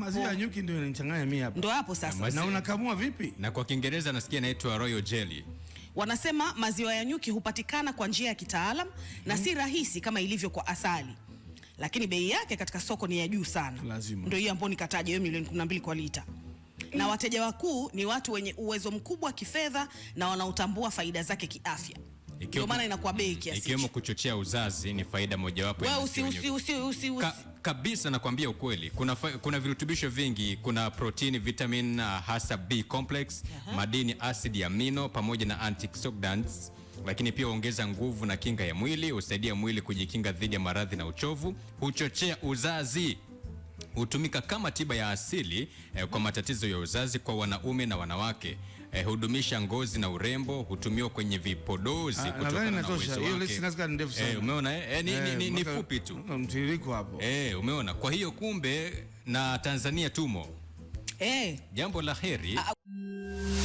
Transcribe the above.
Maziwa ya nyuki ndio inanichanganya mimi hapa. Ndio hapo sasa. Na unakamua vipi? Na kwa Kiingereza nasikia inaitwa Royal Jelly. Wanasema maziwa ya nyuki hupatikana kwa njia ya kitaalam na mhm. si rahisi kama ilivyo kwa asali, lakini bei yake katika soko ni ya juu sana. Lazima. Ndio hiyo ambayo nikataja hiyo milioni 12 kwa lita na wateja wakuu ni watu wenye uwezo mkubwa kifedha na wanaotambua faida zake kiafya ndio maana inakuwa bei kiasi. Ikiwemo kuchochea uzazi ni faida mojawapo. Wewe usi usi usi usi kabisa nakwambia ukweli. Kuna, kuna virutubisho vingi, kuna protini, vitamin hasa B complex, madini, asidi ya amino pamoja na antioxidants, lakini pia huongeza nguvu na kinga ya mwili, husaidia mwili kujikinga dhidi ya maradhi na uchovu, huchochea uzazi hutumika kama tiba ya asili eh, kwa matatizo ya uzazi kwa wanaume na wanawake eh, hudumisha ngozi na urembo, hutumiwa kwenye vipodozi ah, kutokana na eh, umeona eh, eh, ni, fupi tu mtiririko hapo eh, umeona. Kwa hiyo kumbe na Tanzania tumo eh, jambo la heri. Ah,